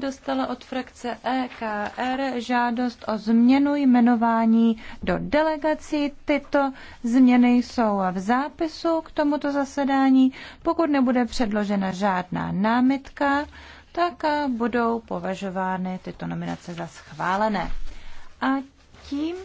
dostala od frakce EKR žádost o změnu jmenování do delegací. Tyto změny jsou v zápisu k tomuto zasedání. Pokud nebude předložena žádná námitka, tak budou považovány tyto nominace za schválené. A tím